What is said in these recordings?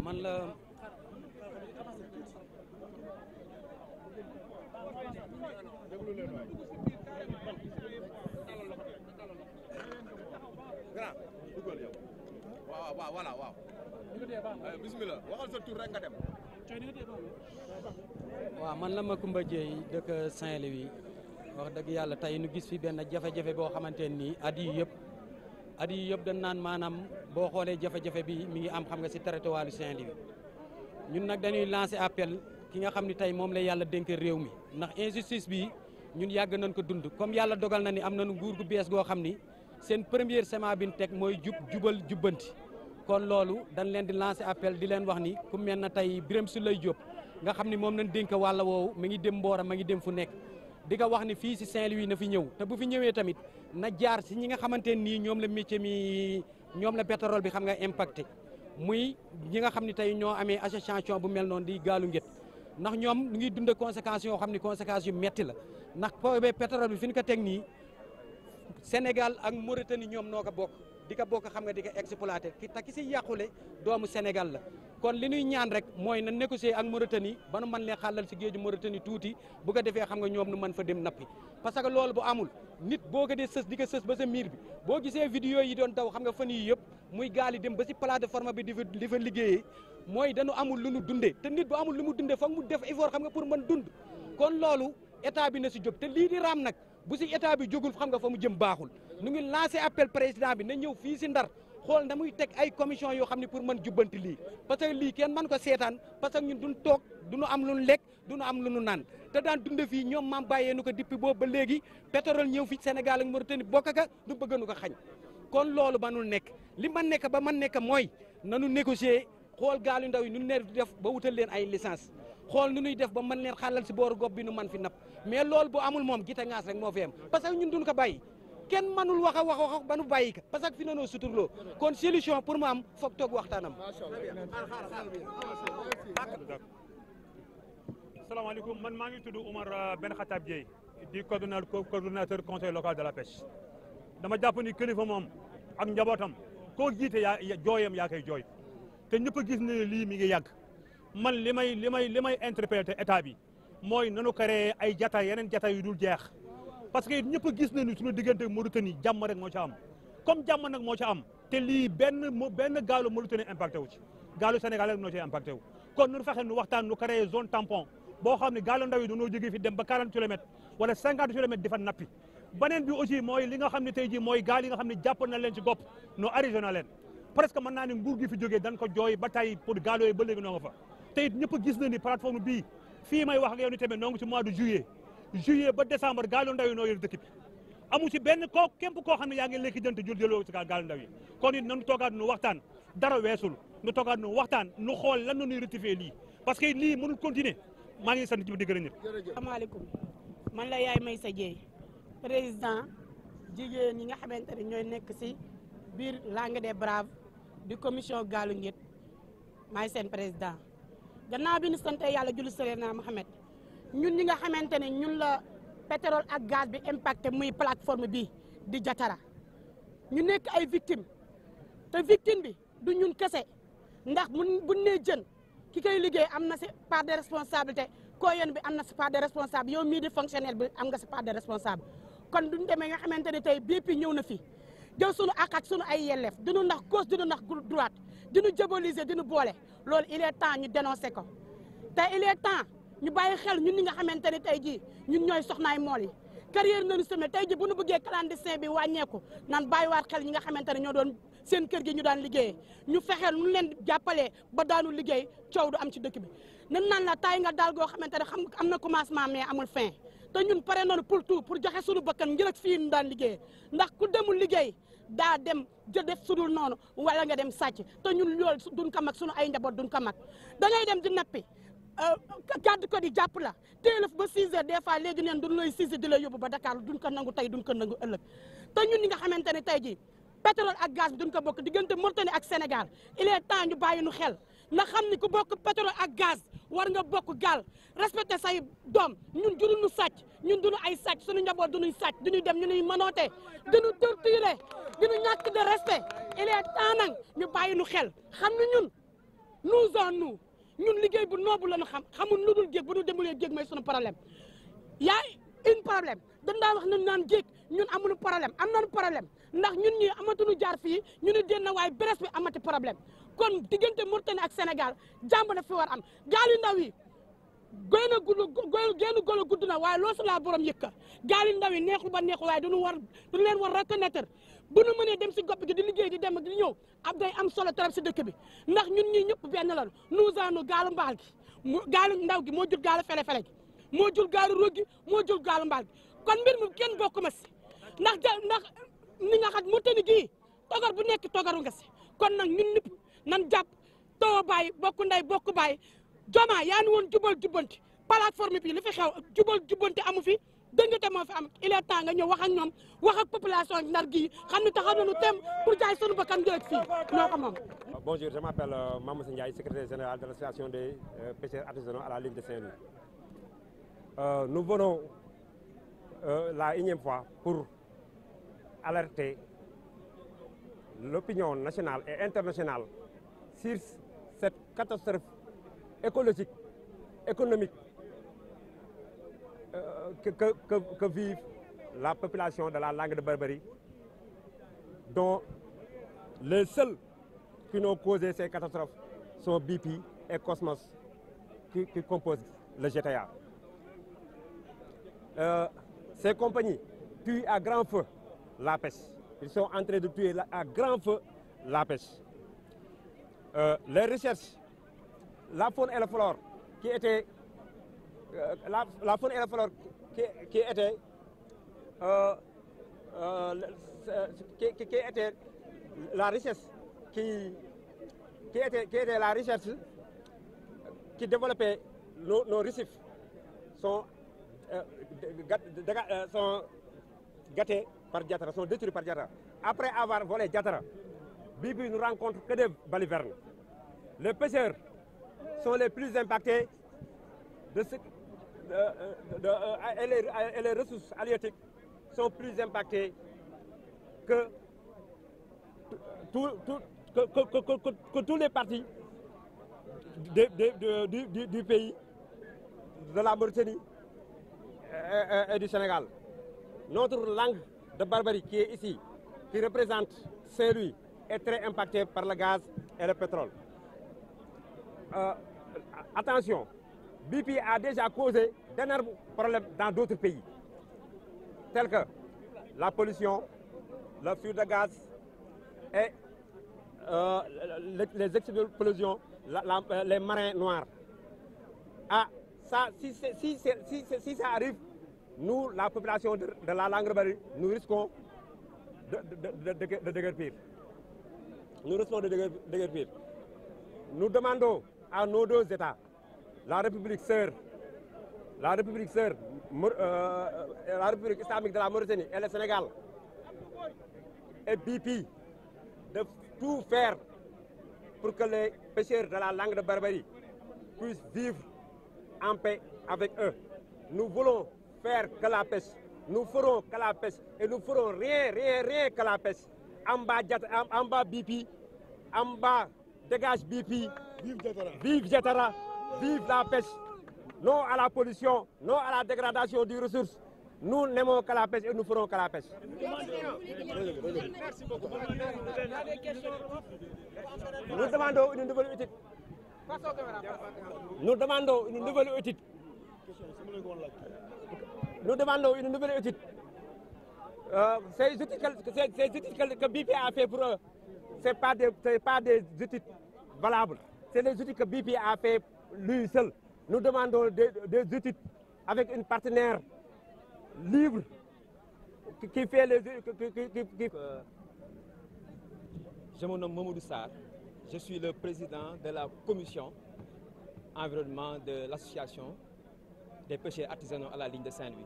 man la waaw waaw voilà waaw bismillah man la Macoumba Dieye dëkk Saint-Louis wax dëgg yàlla tey nu gis fi benn jafe-jafe boo xamante nii adi yëpp at yi yëpp dañ naan maanaam boo xoolee jafe-jafe bi mi ngi am xam nga si traité wàllu Saint-Louis ñun nag dañuy lancé appel ki nga xam ni tey moom la yàlla dénk réew mi ndax injustice bi ñun yàgg nañ ko dund comme yàlla dogal na ni am na nañu nguur gu bees goo xam ni seen première sement bi nu teg mooy jub jubal jubbanti kon loolu dañ leen di lancé appel di leen wax ni ku mel na biram Birame lay Diop nga xam ni moom lañ dénk wàll woowu mi ngi dem mboora ma ngi dem fu nekk di ko wax ni fii si Saint-Louis na fi ñëw te bu fi ñëwee tamit na jaar si ñi nga xamante nii ñoom la métier mi ñoom la pétrole bi xam nga impacté muy ñi nga xam ni tey ñoo amee association bu mel noon di gaalu ngét ndax ñoom ñu ngi dund conséquences yoo xam ne conséquence yu metti la ndax be pétrole bi fi ñu ko teg nii Sénégal ak Mauritanie ñoom noo ko bokk di ko bokk xam nga di ko exploité te ki si yàqule doomu Sénégal la kon li ñuy ñaan rek mooy na négocier ak Mauritanie ba nu mën leen xàllal si géeju Mauritanie tuuti bu ko defee xam nga ñoom nu man fa dem nappi parce que loolu bu amul nit boo ko dee sës di ko sës ba sa miir bi boo gisee vidéo yi doon daw xam nga fan yii yëpp muy gaal yi dem ba si plateforme bi di fa di fa liggéeyee mooy dañu amul lu nu dundee te nit bu amul lu mu dundee foog mu def effort xam nga pour man dund kon loolu état bi na si jot te lii di raam nag bu si état bi jógul xam nga fa mu jëm baaxul ñu ngi lancé appel président bi na ñëw fii si xool na muy teg ay commission yoo xam ne pour man jubbanti lii parce que lii kenn mën ko seetaan parce que ñun duñ toog duñu am lu ñu lekk duñu am lu ñu naan te daan dund fii ñoom maam bàyyee nu ko dippi boobu ba léegi pétrole ñëw fi Sénégal ak Mauritanie bokk ka du bëgg nu ko xañ kon loolu mënul nekk li man nekk ba man nekk mooy na nanu négocier xool gaalu ndaw yi nu ne def ba wutal leen ay licence xool nu nuy def ba mën leen xalal si booru gopp bi nu man fi napp mais loolu bu amul moom gite ngaas rek moo fi am parce que ñun duñ ko bàyyi kenn mënul wax a wax wax ba nu bàyyi ko parce que fi nanoo suturloo kon solution pour mu am foog toog waxtaanam asalaamaaleykum man maa ngi tudd Oumar euh, Ben Khatab Dieye di coordonnateur coordonnateur conseil local de la pêche dama jàpp ni kilifa moom ak njabootam koo jiite yaa jooyam yaa koy jooy te ñëpp gis ne lii mi ngi yàgg man li may li may li may interpellé état bi mooy nanu créé ay jataay yeneen jataay yu dul jeex parce que ñëpp gis nañu suñu diggante Mauritanie jàmm rek moo ci am comme jàmm nag moo ci am te lii benn benn gaalu Mauritanie impacté wu ci gaalu Sénégal rek noo ciy impacté wu kon nu nu waxtaan nu créé zone tampon boo xam ne gaalu ndaw yi dañoo jógee fi dem ba 40 kilomètres wala 50 kilomètres di fa nappi beneen bi aussi mooy li nga xam ne tey jii mooy gaal yi nga xam ne jàpp na leen ci gopp no arrêté na leen presque mën naa ne nguur gi fi jógee dañ ko jooy ba na ni plateforme bii fii may wax ak yow ni tamit noo mois de juillet juillet ba décembre gaalu ndaw yi noo yor bi amu ci benn koo képp koo xam ne yaa ngi lekk jënt jur jëloo si gaalu ndaw yi kon it nanu toogaat nu waxtaan dara weesul nu toogaat nu waxtaan nu xool lan la ñuy rectifier lii parce que lii mënul continuer maa ngi sant ci di gërëm ñëpp. asalaamaaleykum man la yaay may sa jeey président jigéen ñi nga xamante ne ñooy nekk si biir langue de braves di commission gaalu ngit maay seen président gannaaw bi ñu sant yàlla julli sële naa Mohamed ñun ñi nga xamante ne ñun la pétrole ak gaz bi impacté muy plateforme bi di Jatara ñu nekk ay victime te victime bi du ñun kese ndax mun buñ nee jën ki koy liggéey am na si part de responsabilité koo yoon bi am na si part de responsable yow mii di fonctionnaire bi am nga si part de responsable kon duñ demee nga xamante ni tey bépp ñëw na fi jël sunu àq ak sunu ay yelleef dinu ndax gauche dinu ndax droite dinu diaboliser dinu boole loolu il temps ñu dénoncer ko te il temps ñu bàyyi xel ñun ñi nga xamante ni tey ji ñun ñooy soxnaay mool yi carrière nañu semé tey ji bu ñu bëggee clandestin bi wàññeeku nan bàyyiwaat xel ñi nga xamante ne ñoo doon seen kër gi ñu daan liggéeyee ñu fexeel nu leen jàppale ba daanu liggéey coow du am ci dëkk bi nan naan la taay nga daal goo xamante ne xam am na commencement mais amul fin te ñun pare nañu pour tout pour joxe suñu bakkan ngir ak fii ñu daan liggéeyee ndax ku demul liggéey daa dem ja def sudul noonu wala nga dem sàcc te ñun loolu duñ ko mag suñu ay njaboot duñ ko mag da ngay dem di nappi Euh, euh, gàdd ko di jàpp la téelëf ba 6 heures des fois léegi neen duñ lay saisir di la yóbbu ba Dakar duñ ko nangu tey duñ ko nangu ëllëg te ñun ñi nga xamante ne tey jii pétrole ak gaz bi duñ ko bokk diggante Mauritanie ak Sénégal il est temps ñu bàyyi nu xel na xam ni ku bokk pétrole ak gaz war nga bokk gaal respecté say doom ñun juruñu sàcc ñun duñu ay sàcc suñu njaboot duñuy sàcc duñuy dem ñu nuy mënoote duñu torturé duñu ñàkk de respect il est temps nag ñu bàyyi nu xel ñun nous en nous ñun liggéey bu noobu la ñu xam xamul lu dul géej bu ñu demulee géej may sunu problème yaa une problème dañ daa wax nañ naan géej ñun amuñu problème am nañu problème ndax ñun ñii amatuñu jaar fii ñu ne déen na waaye beres bi amati problème kon diggante Mauritanie ak Sénégal jàmm na fi war am gaal yu yi goy na gudd goy génn golo gudd na waaye loo sulaa borom yëkka gaali ndaw yi neexul ba neexul waaye dañu war dañu leen war reconnaître bu nu mënee dem si gopp gi di liggéey di dem ak di ñëw ab day am solo trop si dëkk bi ndax ñun ñii ñëpp benn lañu nuusaanu gaalu mbaal gi gaalu ndaw gi moo jur gaalu fele-fele gi moo jur gaalu róog gi moo jur gaalu mbaal gi kon mbir mi kenn bokku ma si ndax ja ndax ni nga xam Mauritanie gii togar bu nekk togaru nga si kon nag ñun ñëpp nan jàpp a bàyyi bokku nday bokku bàyyi Diomaye yaa ni woon jubal La plateforme bi li fi xew jubal jubbanti amu fi dëngate moo fi am il est temps nga nous wax ak ñoom wax ak population Ndar gi xam ne taxaw nañu tem pour jaay sunu bakkan njëriñ fii ñoo ko euh, bonjour je m'appelle euh, Mamou Ndiaye secrétaire général de l'association des euh, pêcheurs artisanaux à la ligne de saint Euh, nous venons euh, la énième fois pour alerter l'opinion nationale et internationale sur cette catastrophe écologique, économique euh, que, vive la population de la langue de Barbarie, dont les seuls qui n'ont causé ces catastrophes sont BP et Cosmos qui, composent le GTA. Euh, ces compagnies tuent à grand feu la pêche. Ils sont en train de tuer à grand feu la pêche. Euh, les recherches la faune et la flore qui étaient euh, la, faune et la flore qui, euh, euh, qui qui, était la richesse qui, était, la richesse qui développait nos, récifs sont, gâtés par Diatara, sont détruits par diatra Après avoir volé Diatara, Bibi ne rencontre que des balivernes. Les pêcheurs sont les plus impactés euh, et, les, ressources halieutiques sont plus impactées que, que, tous les partis du, pays, de la Mauritanie euh, euh, et, du Sénégal. Notre langue de barbarie qui est ici, qui représente saint est très impactée par le gaz et le pétrole. Euh, attention, BP a déjà causé d'énormes problèmes dans d'autres pays, tels que la pollution, le fuite de gaz et euh, les, explosions, pollution, les marins noirs. Ah, ça, si, ça arrive, nous, la population de, la Langue nous risquons de, de, de Nous risquons de déguerpir. Nous demandons à nos deux États, la République sœur, la République sœur, euh, euh, la République islamique de la Mauritanie et le Sénégal, et BP, de tout faire pour que les pêcheurs de la langue de Barbarie puissent vivre en paix avec eux. Nous voulons faire que la pêche. Nous ferons que la pêche. Et nous ferons rien, rien, rien que la pêche. En bas, en bas BP, en bas, dégage BP. Vive Diatara. Vive la pêche. Non à la pollution. Non à la dégradation des ressources. Nous n'aimons que la pêche et nous ferons que la pêche. Nous demandons une nouvelle étude. Nous demandons une nouvelle étude. Nous demandons une nouvelle étude. Euh, ces études que, BP a fait pour eux, ce n'est pas, des, pas des études valables. C'est les outils que BP a fait lui seul. Nous demandons des, outils avec une partenaire libre qui, fait les... outils. Euh, je me nomme Mamoudou Je suis le président de la commission environnement de l'association des pêcheurs artisanaux à la ligne de Saint-Louis,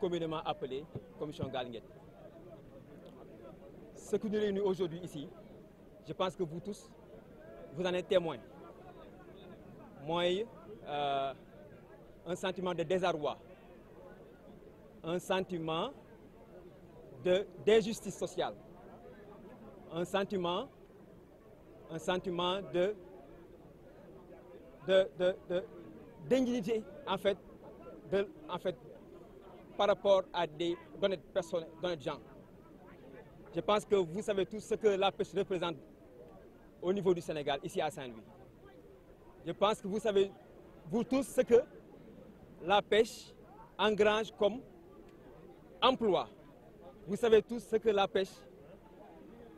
communément appelée commission Galinguette. Ce que nous réunit aujourd'hui ici, je pense que vous tous, vous en êtes témoin Moi, euh, un sentiment de désarroi un sentiment de d'injustice sociale un sentiment un sentiment de de de en fait en fait par rapport à des bonnes personnes des gens je pense que vous savez tous ce que la pêche représente au niveau du Sénégal, ici à Saint-Louis. Je pense que vous savez, vous tous, ce que la pêche engrange comme emploi. Vous savez tous ce que la pêche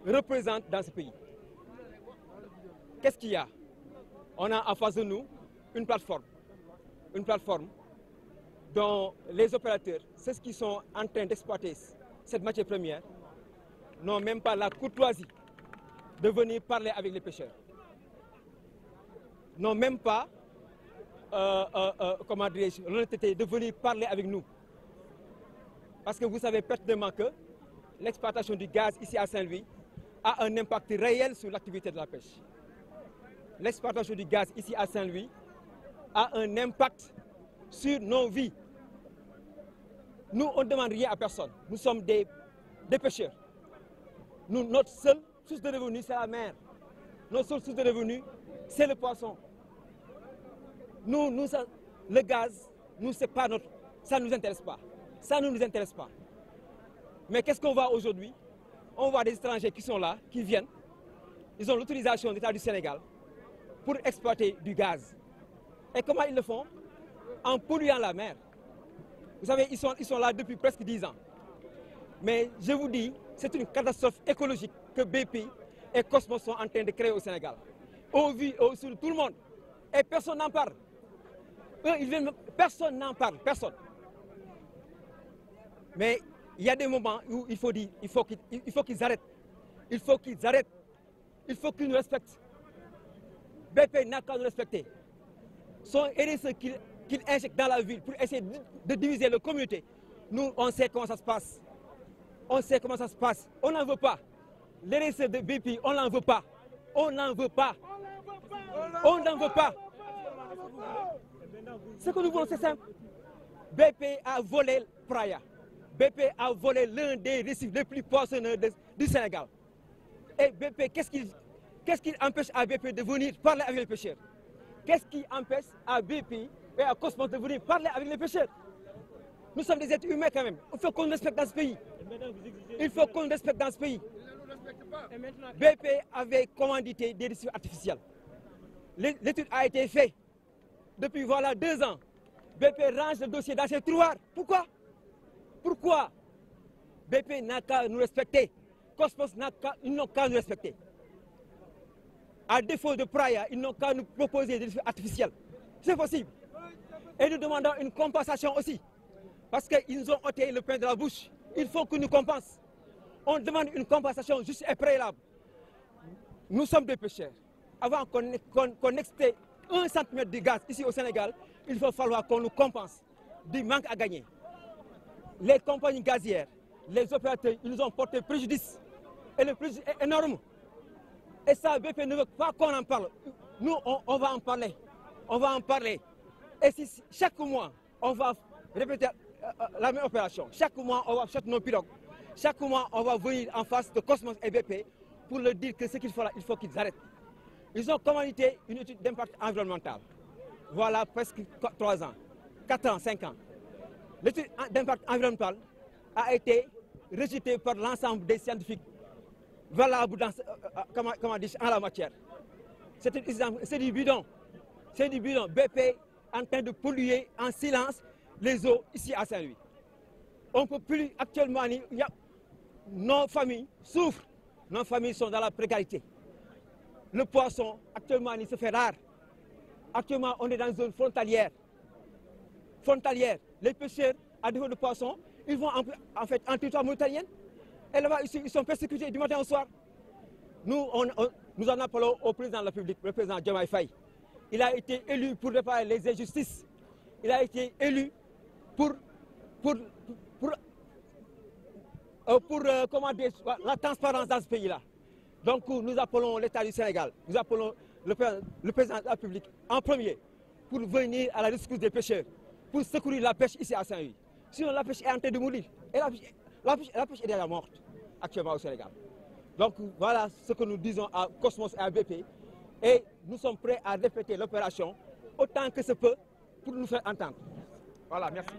représente dans ce pays. Qu'est-ce qu'il y a On a en face de nous une plateforme. Une plateforme dont les opérateurs, ceux qui sont en train d'exploiter cette matière première, n'ont même pas la courtoisie de venir parler avec les pêcheurs. Non, même pas, euh, euh, euh, comment dirais-je, l'honnêteté de venir parler avec nous. Parce que vous savez pertinemment que l'exploitation du gaz ici à Saint-Louis a un impact réel sur l'activité de la pêche. L'exploitation du gaz ici à Saint-Louis a un impact sur nos vies. Nous, on ne demande rien à personne. Nous sommes des, des pêcheurs. Nous, notre seul de revenus, c'est la mer. Notre seule source de revenus, c'est le poisson. Nous, nous, le gaz, nous, c'est pas notre, ça ne nous intéresse pas. Ça ne nous intéresse pas. Mais qu'est-ce qu'on voit aujourd'hui On voit des étrangers qui sont là, qui viennent. Ils ont l'autorisation de l'État du Sénégal pour exploiter du gaz. Et comment ils le font En polluant la mer. Vous savez, ils sont, ils sont là depuis presque dix ans. Mais je vous dis, c'est une catastrophe écologique que BP et Cosmos sont en train de créer au Sénégal. Au vu, au sur tout le monde. Et personne n'en parle. personne n'en parle, personne. Mais il y a des moments où il faut dire, il faut qu'ils faut qu'ils arrêtent. Il faut qu'ils arrêtent. Il faut qu'ils nous respectent. BP n'a qu'à nous respecter. Son RSE qu'il qu'ils injectent dans la ville pour essayer de, diviser la communauté, nous, on sait comment ça se passe. On sait comment ça se passe. On n'en veut pas. Les récits de BP, on n'en veut pas. On n'en veut pas. On n'en veut pas. Ce que nous voulons, c'est simple. BP a volé Praia. BP a volé l'un des récifs les plus poissonneux du Sénégal. Et BP, qu'est-ce qui, empêche à BP de venir parler avec les pêcheurs Qu'est-ce qui empêche à BP et à Cosmos de venir parler avec les pêcheurs Nous sommes des êtres humains quand même. Il faut qu'on respecte dans ce pays. Il faut qu'on respecte dans ce pays. BP avait commandité des risques artificiels. L'étude a été faite. Depuis voilà deux ans, BP range le dossier dans ses tiroirs. Pourquoi Pourquoi BP n'a qu'à nous respecter. Cosmos n'a qu'à nous respecter. À défaut de Praia, ils n'ont qu'à nous proposer des risques artificiels. C'est possible. Et nous demandons une compensation aussi. Parce qu'ils ont ôté le pain de la bouche. Il faut que nous compense on demande une compensation juste et préalable. Nous sommes des pêcheurs. Avant qu'on qu un centimètre de gaz ici au Sénégal, il va falloir qu'on nous compense du manque à gagner. Les compagnies gazières, les opérateurs, ils nous ont porté préjudice. Et le préjudice est énorme. Et ça, BP ne veut pas qu'on en parle. Nous, on, va en parler. On va en parler. Et si chaque mois, on va répéter euh, euh, la même opération, chaque mois, on va acheter nos pilotes. Chaque mois, on va venir en face de Cosmos et BP pour leur dire que ce qu'il faut il faut qu'ils arrêtent. Ils ont commandité une étude d'impact environnemental. Voilà presque 3 ans, 4 ans, 5 ans. L'étude d'impact environnemental a été rejetée par l'ensemble des scientifiques valables dans, euh, euh, euh, comment, comment en la matière. C'est du bidon. C'est du bidon. BP en train de polluer en silence les eaux ici à Saint-Louis. On ne peut plus actuellement, nos familles souffrent, nos familles sont dans la précarité. Le poisson, actuellement, il se fait rare. Actuellement, on est dans une zone frontalière. Frontalière. Les pêcheurs, à défaut de poisson ils vont en, fait en territoire mauritanien. Et là ils, sont persécutés du matin au soir. Nous, on, nous en appelons au président de la République, le président Djamai Faye. Il a été élu pour réparer les injustices. Il a été élu pour, pour, euh, pour euh, commander la transparence dans ce pays-là. Donc euh, nous appelons l'État du Sénégal, nous appelons le, président de la République en premier pour venir à la rescousse des pêcheurs, pour secourir la pêche ici à Saint-Louis. Sinon la pêche est en train de mourir. Et la pêche, la est déjà morte actuellement au Sénégal. Donc voilà ce que nous disons à Cosmos et à BP. Et nous sommes prêts à répéter l'opération autant que ce peut pour nous faire entendre. Voilà, merci.